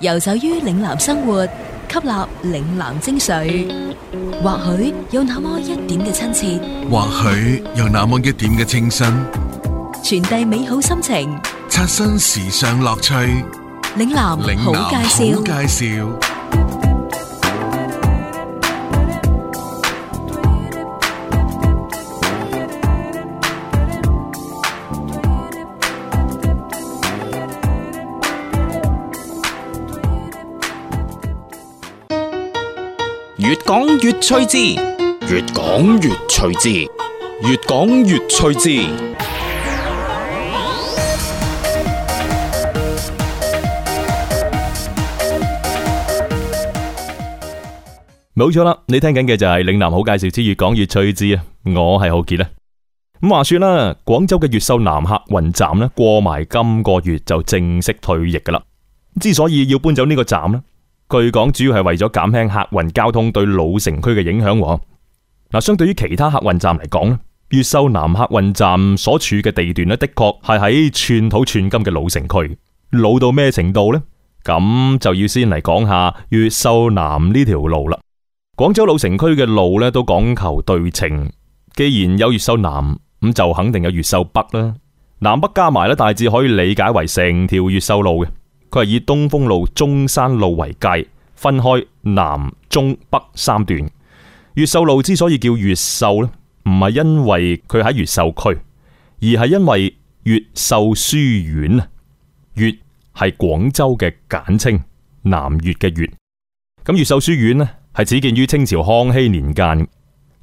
遊走於嶺南生活，吸納嶺南精髓，或許有那麼一點嘅親切，或許有那麼一點嘅清新，傳遞美好心情，刷新時尚樂趣。嶺南好介紹，好介紹。越趣之，越講越趣之，越講越趣之。冇錯啦，你聽緊嘅就係嶺南好介紹之越講越趣之。啊！我係浩杰啦。咁話說啦，廣州嘅越秀南客運站咧，過埋今個月就正式退役噶啦。之所以要搬走呢個站咧？據講，主要係為咗減輕客運交通對老城區嘅影響。嗱，相對於其他客運站嚟講咧，越秀南客運站所處嘅地段呢，的確係喺寸土寸金嘅老城區，老到咩程度呢？咁就要先嚟講下越秀南呢條路啦。廣州老城區嘅路呢，都講求對稱，既然有越秀南，咁就肯定有越秀北啦。南北加埋呢，大致可以理解為成條越秀路嘅。佢係以東風路、中山路為界，分開南、中、北三段。越秀路之所以叫越秀咧，唔係因為佢喺越秀區，而係因為越秀書院啊。越係廣州嘅簡稱，南越嘅越。咁越秀書院咧係始建於清朝康熙年間，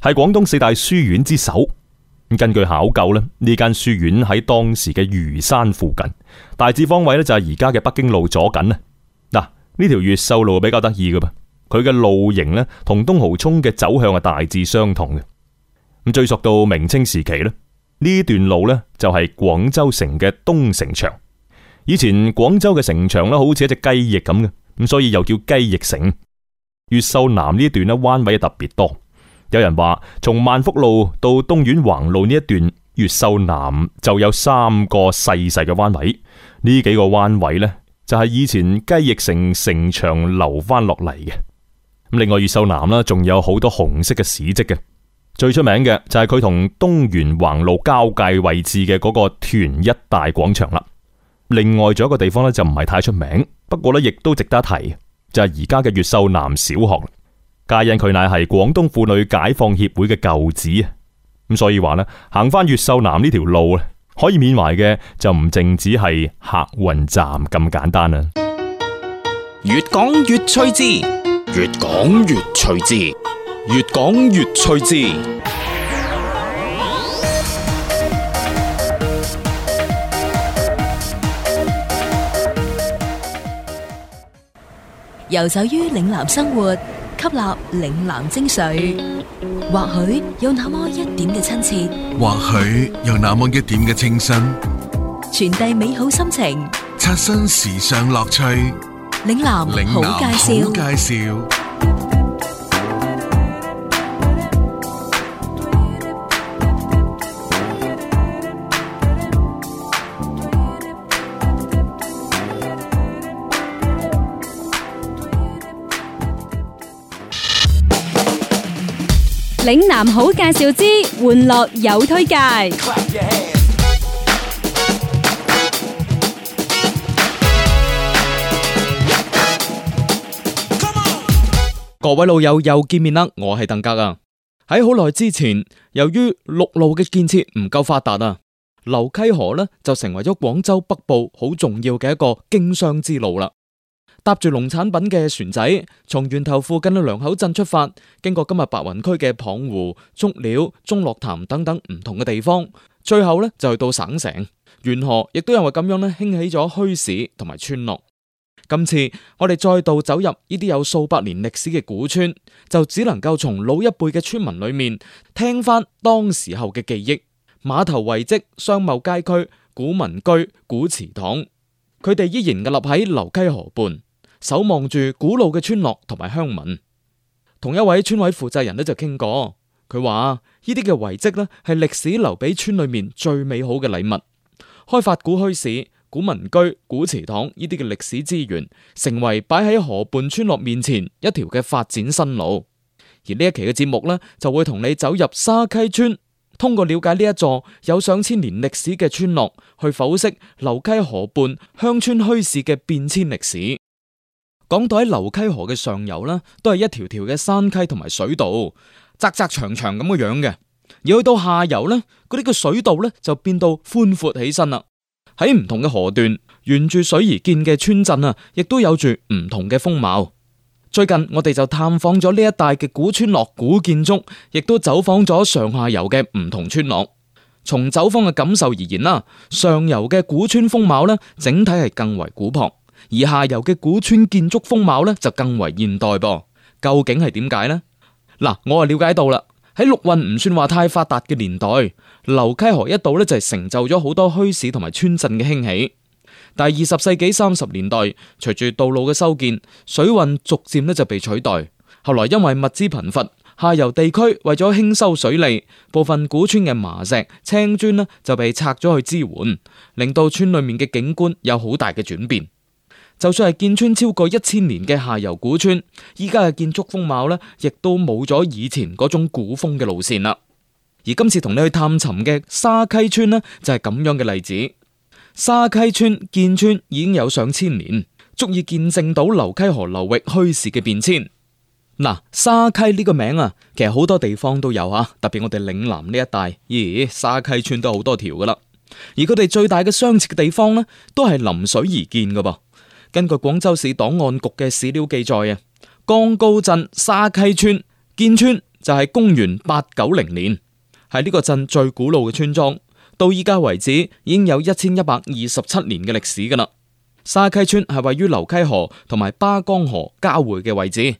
係廣東四大書院之首。咁根據考究咧，呢間書院喺當時嘅禺山附近。大致方位咧就係而家嘅北京路左近啊，嗱呢條越秀路比較得意嘅噃，佢嘅路型呢，同東濠涌嘅走向係大致相同嘅。咁追溯到明清時期咧，呢段路呢，就係廣州城嘅東城牆。以前廣州嘅城牆呢，好似一隻雞翼咁嘅，咁所以又叫雞翼城。越秀南呢段呢，彎位特別多，有人話從萬福路到東園橫路呢一段。越秀南就有三個細細嘅彎位，呢幾個彎位呢，就係以前雞翼城城牆留翻落嚟嘅。另外越秀南呢，仲有好多紅色嘅史跡嘅，最出名嘅就係佢同東元橫路交界位置嘅嗰個團一大廣場啦。另外仲有一個地方呢，就唔係太出名，不過呢，亦都值得提，就係而家嘅越秀南小學，皆因佢乃係廣東婦女解放協會嘅舊址。咁所以話呢，行翻越秀南呢條路咧，可以緬懷嘅就唔淨止係客運站咁簡單啦。越講越趣致，越講越趣致，越講越趣致。游走於嶺南生活。吸納嶺南精髓，或許有那麼一點嘅親切，或許有那麼一點嘅清新，傳遞美好心情，刷新時尚樂趣。嶺南好介紹。嶺南好介紹之，玩樂有推介。各位老友又見面啦，我係鄧格啊。喺好耐之前，由於陸路嘅建設唔夠發達啊，流溪河呢就成為咗廣州北部好重要嘅一個經商之路啦。搭住農產品嘅船仔，從源頭附近嘅良口鎮出發，經過今日白雲區嘅蚌湖、竹料、鍾落潭等等唔同嘅地方，最後咧就去到省城。沿河亦都因為咁樣咧興起咗墟市同埋村落。今次我哋再度走入呢啲有數百年歷史嘅古村，就只能夠從老一輩嘅村民裏面聽翻當時候嘅記憶。碼頭遺跡、商貿街區、古民居、古祠堂，佢哋依然屹立喺流溪河畔。守望住古老嘅村落同埋鄉民，同一位村委負責人呢就傾過，佢話呢啲嘅遺跡呢係歷史留俾村裏面最美好嘅禮物。開發古墟市、古民居、古祠堂呢啲嘅歷史資源，成為擺喺河畔村落面前一條嘅發展新路。而呢一期嘅節目呢，就會同你走入沙溪村，通過了解呢一座有上千年歷史嘅村落，去剖析流溪河畔鄉村墟市嘅變遷歷史。講到喺流溪河嘅上游呢，都係一條條嘅山溪同埋水道，窄窄長長咁嘅樣嘅；而去到下游呢，嗰啲嘅水道呢就變到寬闊起身啦。喺唔同嘅河段，沿住水而建嘅村鎮啊，亦都有住唔同嘅風貌。最近我哋就探訪咗呢一帶嘅古村落、古建築，亦都走訪咗上下游嘅唔同村落。從走訪嘅感受而言啦，上游嘅古村風貌呢，整體係更為古樸。而下游嘅古村建築風貌咧就更為現代噃，究竟係點解呢？嗱、啊，我啊了解到啦，喺陸運唔算話太發達嘅年代，流溪河一度咧就係成就咗好多墟市同埋村鎮嘅興起。但二十世紀三十年代，隨住道路嘅修建，水運逐漸咧就被取代。後來因為物資貧乏，下游地區為咗興修水利，部分古村嘅麻石、青磚呢，就被拆咗去支援，令到村裏面嘅景觀有好大嘅轉變。就算係建村超過一千年嘅下游古村，依家嘅建築風貌呢，亦都冇咗以前嗰種古風嘅路線啦。而今次同你去探尋嘅沙溪村呢，就係咁樣嘅例子。沙溪村建村已經有上千年，足以見證到流溪河流域墟市嘅變遷。嗱，沙溪呢個名啊，其實好多地方都有吓，特別我哋嶺南呢一帶，咦，沙溪村都好多條噶啦。而佢哋最大嘅相似嘅地方呢，都係臨水而建噶噃。根據廣州市檔案局嘅史料記載啊，江高鎮沙溪村建村就係公元八九零年，係呢個鎮最古老嘅村莊。到依家為止，已經有一千一百二十七年嘅歷史噶啦。沙溪村係位於流溪河同埋巴江河交匯嘅位置，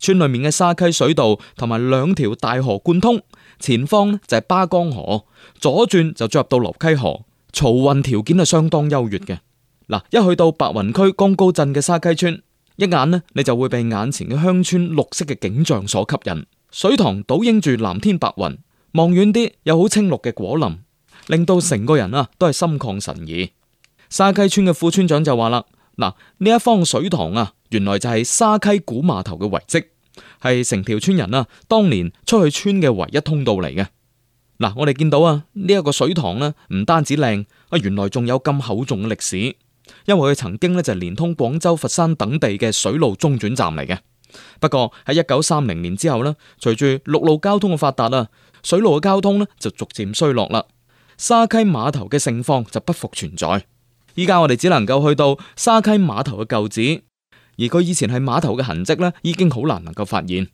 村裏面嘅沙溪水道同埋兩條大河貫通，前方就係巴江河，左轉就進入到流溪河，漕運條件係相當優越嘅。嗱，一去到白雲區江高鎮嘅沙溪村，一眼呢，你就會被眼前嘅鄉村綠色嘅景象所吸引。水塘倒映住藍天白雲，望遠啲有好青綠嘅果林，令到成個人啊都係心曠神怡。沙溪村嘅副村長就話啦：嗱，呢一方水塘啊，原來就係沙溪古碼頭嘅遺跡，係成條村人啊當年出去村嘅唯一通道嚟嘅。嗱，我哋見到啊呢一個水塘呢，唔單止靚，啊原來仲有咁厚重嘅歷史。因為佢曾經咧就連通廣州、佛山等地嘅水路中轉站嚟嘅。不過喺一九三零年之後咧，隨住陸路交通嘅發達啊，水路嘅交通咧就逐漸衰落啦。沙溪碼頭嘅盛況就不復存在。依家我哋只能夠去到沙溪碼頭嘅舊址，而佢以前係碼頭嘅痕跡咧，已經好難能夠發現。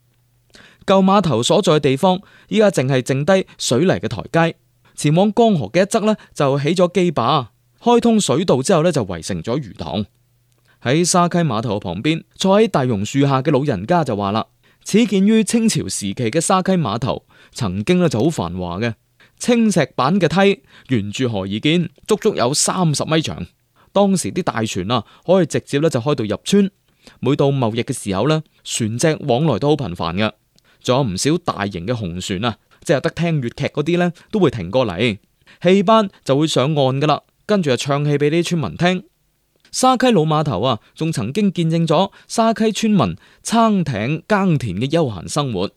舊碼頭所在嘅地方，依家淨係剩低水泥嘅台階。前往江河嘅一側咧，就起咗基壩。開通水道之後咧，就圍成咗魚塘喺沙溪碼頭嘅旁邊。坐喺大榕樹下嘅老人家就話啦：始建於清朝時期嘅沙溪碼頭，曾經咧就好繁華嘅，青石板嘅梯沿住河而建，足足有三十米長。當時啲大船啊，可以直接咧就開到入村。每到貿易嘅時候咧，船隻往來都好頻繁嘅，仲有唔少大型嘅紅船啊，即係得聽粵劇嗰啲咧，都會停過嚟，戲班就會上岸噶啦。跟住啊，唱戲俾啲村民聽。沙溪老碼頭啊，仲曾經見證咗沙溪村民撐艇耕田嘅悠閒生活。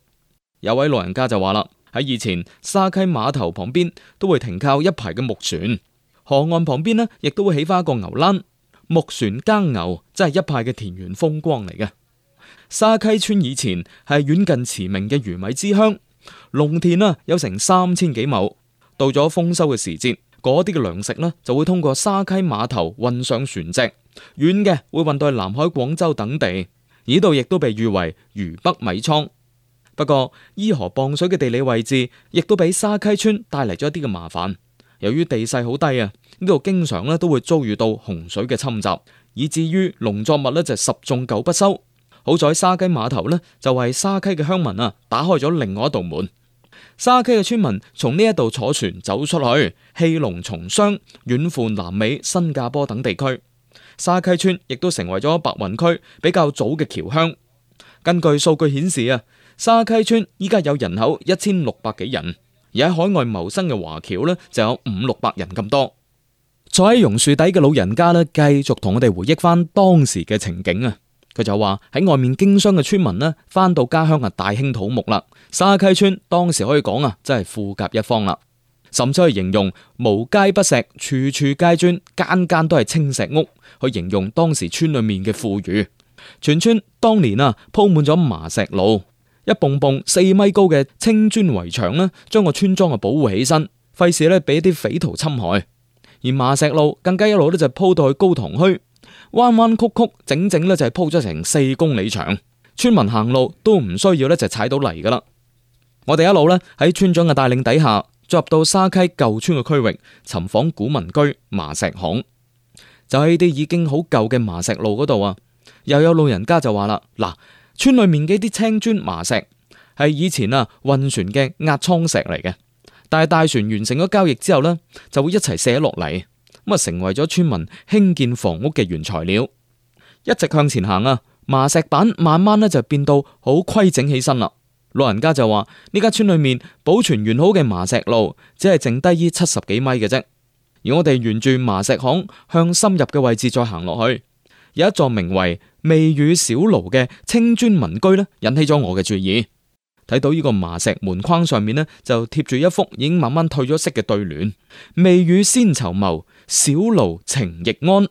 有位老人家就話啦，喺以前沙溪碼頭旁邊都會停靠一排嘅木船，河岸旁邊呢亦都會起翻一個牛欄，木船耕牛真係一派嘅田園風光嚟嘅。沙溪村以前係遠近馳名嘅魚米之鄉，農田啊有成三千幾畝，到咗豐收嘅時節。嗰啲嘅糧食呢，就會通過沙溪碼頭運上船隻，遠嘅會運到南海、廣州等地。呢度亦都被譽為“粵北米倉”。不過，依河傍水嘅地理位置，亦都俾沙溪村帶嚟咗一啲嘅麻煩。由於地勢好低啊，呢度經常咧都會遭遇到洪水嘅侵襲，以至於農作物咧就十種九不收。好在沙溪碼頭呢，就為沙溪嘅鄉民啊打開咗另外一道門。沙溪嘅村民從呢一度坐船走出去，棄農從商，遠赴南美、新加坡等地區。沙溪村亦都成為咗白雲區比較早嘅僑鄉。根據數據顯示啊，沙溪村依家有人口一千六百幾人，而喺海外謀生嘅華僑呢就有五六百人咁多。坐喺榕樹底嘅老人家呢，繼續同我哋回憶翻當時嘅情景啊。佢就話喺外面經商嘅村民呢，翻到家鄉啊，大興土木啦。沙溪村當時可以講啊，真係富甲一方啦。甚至去形容無街不石，處處皆磚，間間都係青石屋，去形容當時村裏面嘅富裕。全村當年啊，鋪滿咗麻石路，一埲埲四米高嘅青磚圍牆呢，將個村莊啊保護起身，費事呢俾啲匪徒侵害。而麻石路更加一路呢，就鋪到去高塘圩。彎彎曲曲，整整咧就係鋪咗成四公里長，村民行路都唔需要咧就踩到泥噶啦。我哋一路呢喺村長嘅帶領底下，進入到沙溪舊村嘅區域，尋訪古民居麻石巷，就喺啲已經好舊嘅麻石路嗰度啊，又有老人家就話啦，嗱，村裏面嘅啲青磚麻石係以前啊運船嘅壓艙石嚟嘅，但係大船完成咗交易之後呢，就會一齊卸落嚟。咁啊，成為咗村民興建房屋嘅原材料。一直向前行啊，麻石板慢慢咧就變到好規整起身啦。老人家就話：呢間村裏面保存完好嘅麻石路，只係剩低於七十幾米嘅啫。而我哋沿住麻石巷向深入嘅位置再行落去，有一座名為未雨小廬嘅青磚民居呢，引起咗我嘅注意。睇到呢個麻石門框上面呢，就貼住一幅已經慢慢褪咗色嘅對聯：未雨先籌謀，小廬情亦安。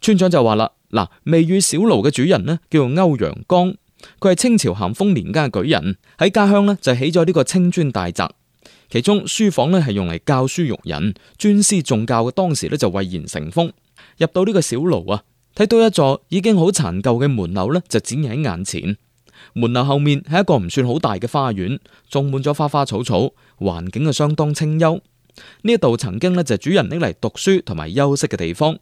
村長就話啦：嗱，未雨小廬嘅主人呢，叫做歐陽江，佢係清朝咸豐年間嘅舉人，喺家鄉呢就起咗呢個青磚大宅，其中書房呢係用嚟教書育人、尊師重教嘅，當時呢就蔚然成風。入到呢個小廬啊，睇到一座已經好殘舊嘅門樓呢，就展現喺眼前。門樓後面係一個唔算好大嘅花園，種滿咗花花草草，環境啊相當清幽。呢一度曾經咧就係主人拎嚟讀書同埋休息嘅地方。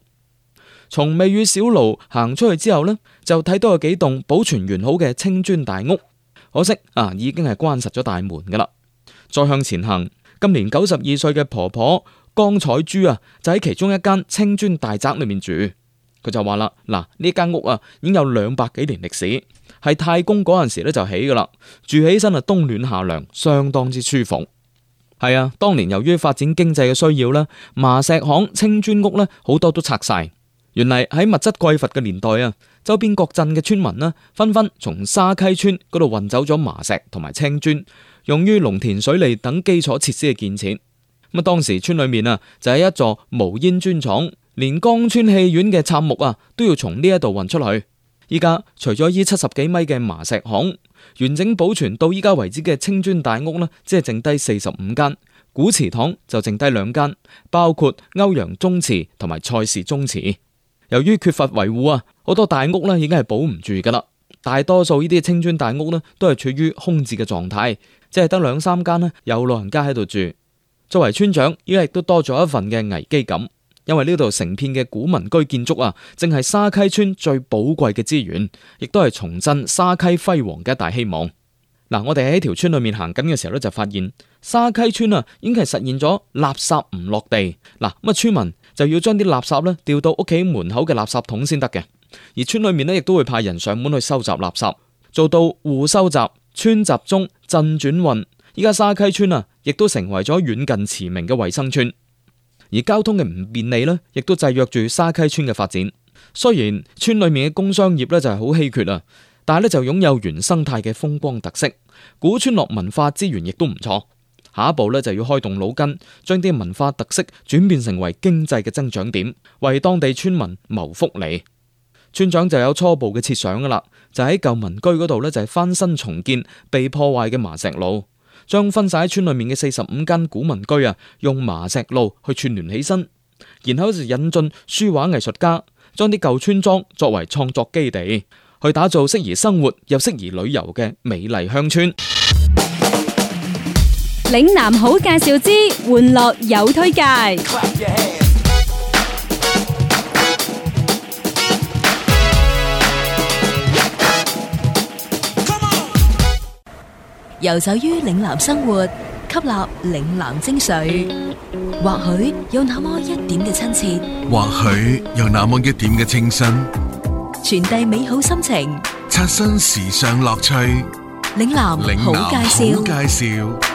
從未雨小路行出去之後呢，就睇到有幾棟保存完好嘅青磚大屋，可惜啊已經係關實咗大門噶啦。再向前行，今年九十二歲嘅婆婆江彩珠啊，就喺其中一間青磚大宅裏面住。佢就話啦，嗱呢間屋啊已經有兩百幾年歷史，係太公嗰陣時咧就起噶啦，住起身啊冬暖夏涼，相當之舒服。係啊，當年由於發展經濟嘅需要咧，麻石巷青磚屋咧好多都拆晒。原嚟喺物質匱乏嘅年代啊，周邊各鎮嘅村民呢，紛紛從沙溪村嗰度運走咗麻石同埋青磚，用於農田水利等基礎設施嘅建設。咁啊，當時村裏面啊就係一座無煙磚廠。連江村戲院嘅杉木啊，都要從呢一度運出去。依家除咗依七十幾米嘅麻石巷完整保存到依家為止嘅青磚大屋呢，只係剩低四十五間，古祠堂就剩低兩間，包括歐陽宗祠同埋蔡氏宗祠。由於缺乏維護啊，好多大屋呢已經係保唔住噶啦。大多數呢啲青磚大屋呢，都係處於空置嘅狀態，即只係得兩三間呢有老人家喺度住。作為村長，依家亦都多咗一份嘅危機感。因為呢度成片嘅古民居建築啊，正係沙溪村最寶貴嘅資源，亦都係重振沙溪輝煌嘅一大希望。嗱、啊，我哋喺條村裏面行緊嘅時候咧，就發現沙溪村啊，已經係實現咗垃圾唔落地。嗱、啊，咁村民就要將啲垃圾咧掉到屋企門口嘅垃圾桶先得嘅。而村裏面咧，亦都會派人上門去收集垃圾，做到戶收集、村集中、鎮轉運。依家沙溪村啊，亦都成為咗遠近馳名嘅衛生村。而交通嘅唔便利呢，亦都制約住沙溪村嘅發展。雖然村裏面嘅工商業呢就係好稀缺啊，但係呢就擁有原生態嘅風光特色，古村落文化資源亦都唔錯。下一步呢就要開動腦筋，將啲文化特色轉變成為經濟嘅增長點，為當地村民謀福利。村長就有初步嘅設想噶啦，就喺舊民居嗰度呢，就係翻新重建被破壞嘅麻石路。將分散喺村裏面嘅四十五間古民居啊，用麻石路去串聯起身，然後就引進書畫藝術家，將啲舊村莊作為創作基地，去打造適宜生活又適宜旅遊嘅美麗鄉村。嶺南好介紹之，玩樂有推介。遊走於嶺南生活，吸納嶺南精髓，或許有那麼一點嘅親切，或許有那麼一點嘅清新，傳遞美好心情，刷新時尚樂趣。嶺南好介紹。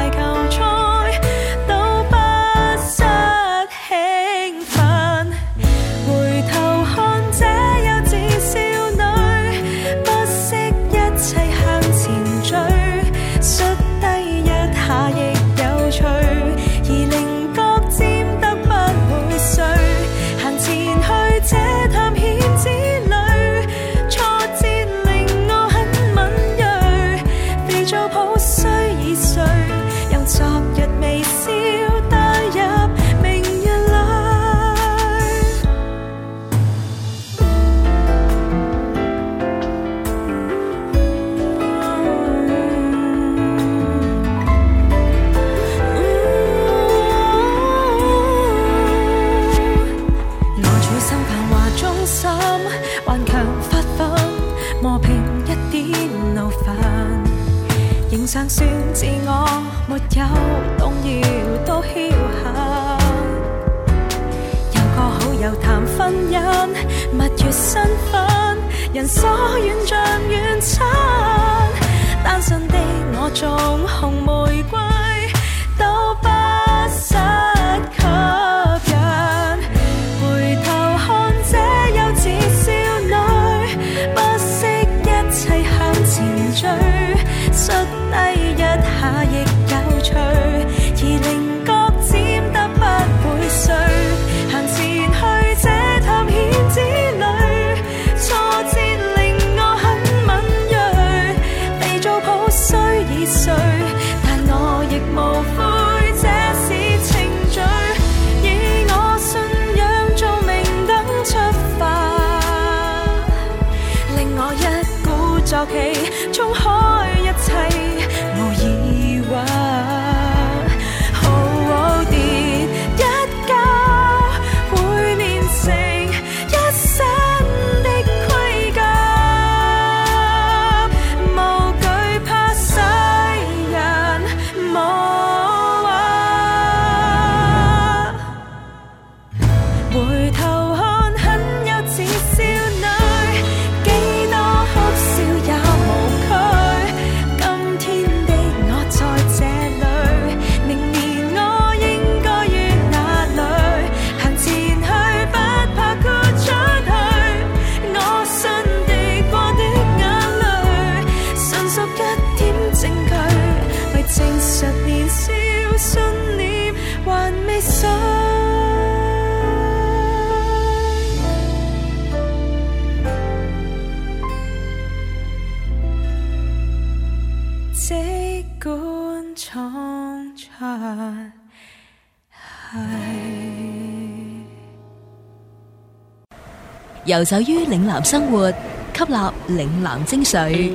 游走於嶺南生活，吸納嶺南精髓，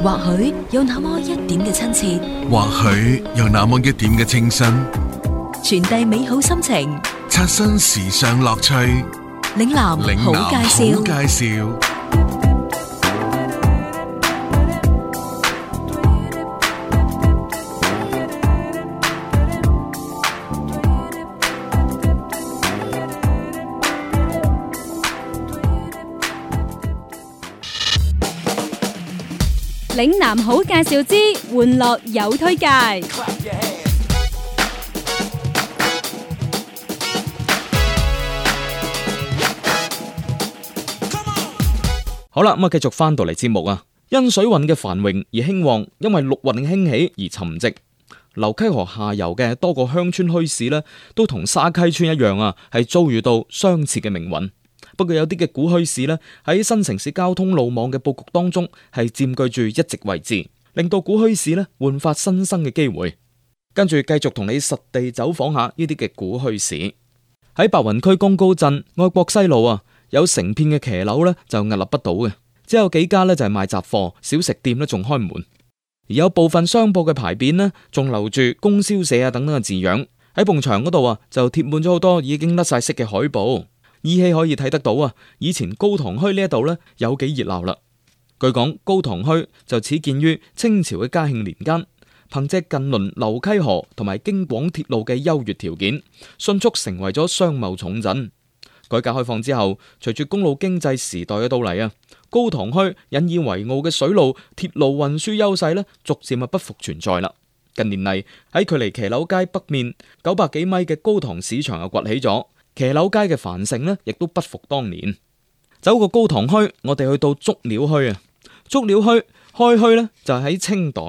或許有那麼一點嘅親切，或許有那麼一點嘅清新，傳遞美好心情，刷新時尚樂趣。嶺南好介紹。嶺南好介紹之，玩樂有推介。 好啦，咁、嗯、啊，繼續翻到嚟節目啊。因水運嘅繁榮而興旺，因為陸運興起而沉寂。流溪河下游嘅多個鄉村墟市呢，都同沙溪村一樣啊，係遭遇到相似嘅命運。不過有啲嘅古墟市呢，喺新城市交通路網嘅布局當中係佔據住一席位置，令到古墟市呢煥發新生嘅機會。跟住繼續同你實地走訪下呢啲嘅古墟市。喺白雲區江高鎮愛國西路啊，有成片嘅騎樓呢就屹立不倒嘅，只有幾家呢就係賣雜貨、小食店咧仲開門，而有部分商鋪嘅牌匾呢，仲留住供銷社啊等等嘅字樣。喺幕牆嗰度啊就貼滿咗好多已經甩晒色嘅海報。依稀可以睇得到啊！以前高塘墟呢一度呢，有幾熱鬧啦。據講，高塘墟就始建於清朝嘅嘉慶年間，憑借近鄰流溪河同埋京廣鐵路嘅優越條件，迅速成為咗商貿重鎮。改革開放之後，隨住公路經濟時代嘅到嚟啊，高塘墟引以為傲嘅水路、鐵路運輸優勢呢，逐漸啊不復存在啦。近年嚟喺距離騎樓街北面九百幾米嘅高塘市場又崛起咗。騎樓街嘅繁盛呢，亦都不復當年。走過高塘圩，我哋去到竹料圩啊。竹料圩開圩呢，就係喺清代。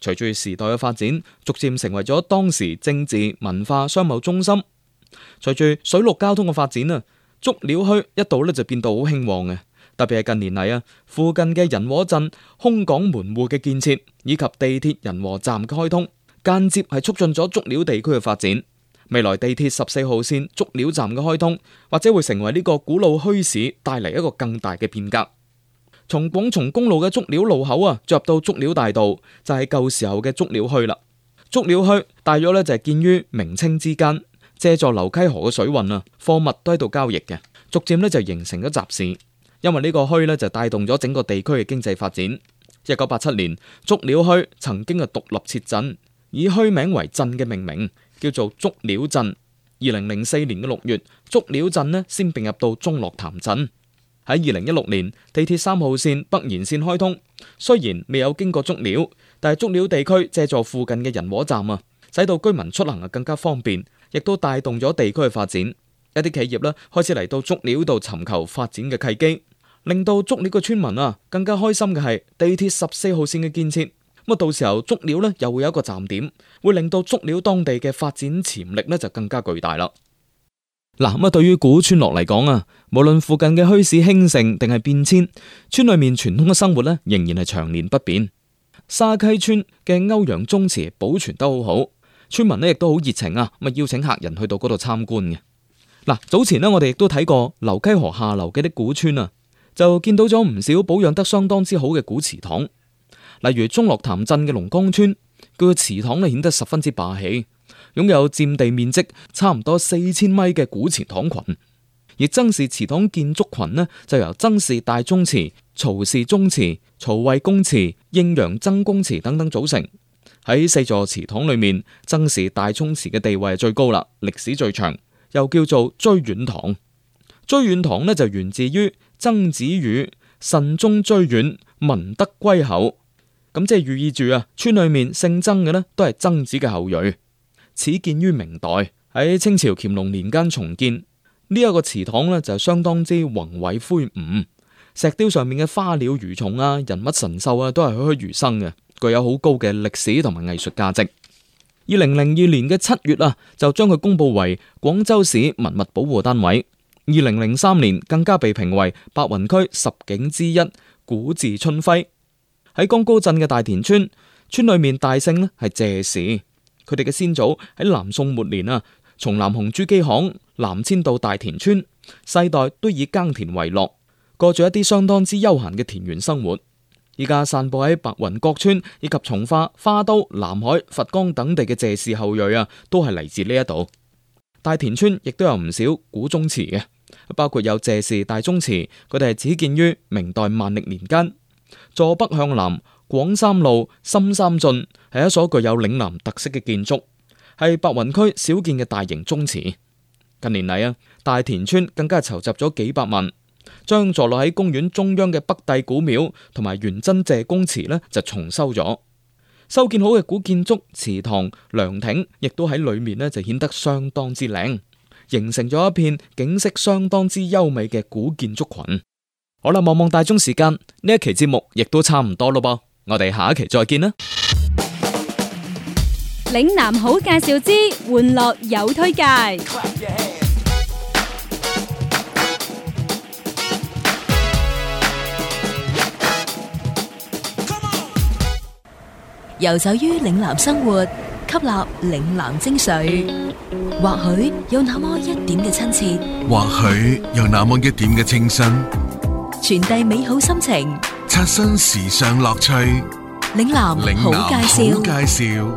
隨住時代嘅發展，逐漸成為咗當時政治、文化、商貿中心。隨住水陸交通嘅發展啊，竹料圩一度呢就變到好興旺嘅。特別係近年嚟啊，附近嘅人和鎮、空港門戶嘅建設，以及地鐵人和站嘅開通，間接係促進咗竹料地區嘅發展。未來地鐵十四號線竹料站嘅開通，或者會成為呢個古老墟市帶嚟一個更大嘅變革。從廣從公路嘅竹料路口啊，進入到竹料大道，就係舊時候嘅竹料墟啦。竹料墟大約呢，就係建於明清之間，借助流溪河嘅水運啊，貨物都喺度交易嘅，逐漸呢就形成咗集市。因為呢個墟呢，就帶動咗整個地區嘅經濟發展。一九八七年，竹料墟曾經啊獨立設鎮，以墟名為鎮嘅命名。叫做竹料鎮，二零零四年嘅六月，竹料鎮呢先並入到鐘落潭鎮。喺二零一六年，地鐵三號線北延線開通，雖然未有經過竹料，但係竹料地區借助附近嘅人和站啊，使到居民出行啊更加方便，亦都帶動咗地區嘅發展。一啲企業啦開始嚟到竹料度尋求發展嘅契機，令到竹料嘅村民啊更加開心嘅係地鐵十四號線嘅建設。咁到時候竹料呢，又會有一個站點，會令到竹料當地嘅發展潛力呢，就更加巨大啦。嗱，啊，咁啊，對於古村落嚟講啊，無論附近嘅墟市興盛定係變遷，村裏面傳統嘅生活呢，仍然係長年不變。沙溪村嘅歐陽宗祠保存得好好，村民呢亦都好熱情啊，咁邀請客人去到嗰度參觀嘅。嗱，啊，早前呢，我哋亦都睇過流溪河下流嘅啲古村啊，就見到咗唔少保養得相當之好嘅古祠堂。例如鐘落潭鎮嘅龍江村，佢嘅祠堂咧，顯得十分之霸氣，擁有佔地面積差唔多四千米嘅古祠堂群。而曾氏祠堂建築群呢，就由曾氏大宗祠、曹氏宗祠、曹衛公祠、應陽曾公祠等等組成。喺四座祠堂裏面，曾氏大宗祠嘅地位最高啦，歷史最長，又叫做追遠堂。追遠堂呢就源自於曾子語：慎終追遠，民德歸厚。咁即係寓意住啊，村裏面姓曾嘅呢，都係曾子嘅後裔。始建於明代，喺清朝乾隆年間重建，呢一個祠堂呢，就相當之宏偉恢梧。石雕上面嘅花鳥魚蟲啊、人物神獸啊都係栩栩如生嘅，具有好高嘅歷史同埋藝術價值。二零零二年嘅七月啊，就將佢公布為廣州市文物保護單位。二零零三年更加被評為白雲區十景之一——古字春暉。喺江高鎮嘅大田村，村裏面大姓咧係謝氏，佢哋嘅先祖喺南宋末年啊，從南雄珠璣巷南遷到大田村，世代都以耕田為樂，過住一啲相當之悠閒嘅田園生活。依家散布喺白雲各村以及從化花都、南海、佛岡等地嘅謝氏後裔啊，都係嚟自呢一度。大田村亦都有唔少古宗祠嘅，包括有謝氏大宗祠，佢哋係始建於明代萬曆年間。坐北向南，廣三路深三進，係一所具有嶺南特色嘅建築，係白雲區少見嘅大型宗祠。近年嚟啊，大田村更加係籌集咗幾百萬，將坐落喺公園中央嘅北帝古廟同埋元真謝公祠呢就重修咗。修建好嘅古建築、祠堂、涼亭，亦都喺裏面呢就顯得相當之靚，形成咗一片景色相當之優美嘅古建築群。好啦，望望大鐘時間，呢一期節目亦都差唔多咯噃，我哋下一期再見啦！嶺南好介紹之，玩樂有推介。游走於嶺南生活，吸納嶺南精髓，或許有那麼一點嘅親切，或許有那麼一點嘅清新。傳遞美好心情，刷新時尚樂趣。嶺南好介紹。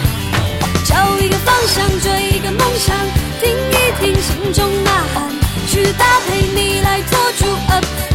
一個方向，追一個夢想，聽一聽心中吶喊，去搭配你來做主啊。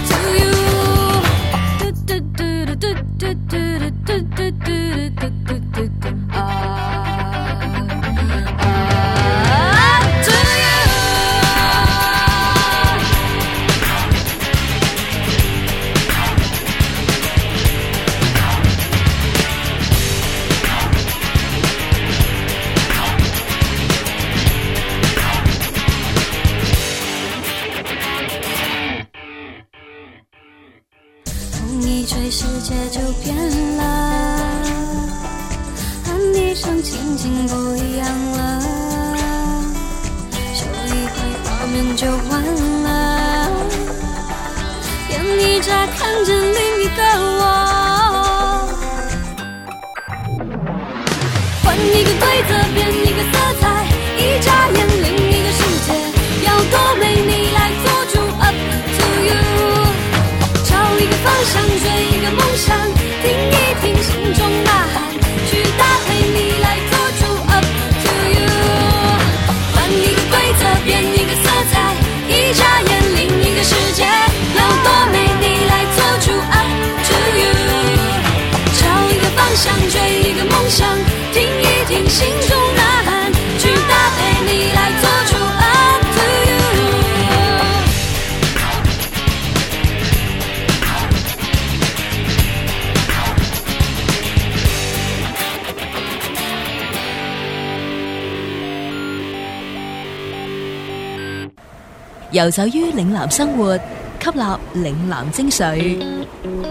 遊走於嶺南生活，吸納嶺南精髓，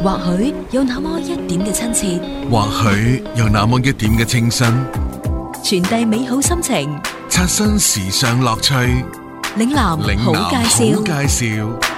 或許有那麼一點嘅親切，或許有那麼一點嘅清新，傳遞美好心情，刷新時尚樂趣。嶺南好介紹。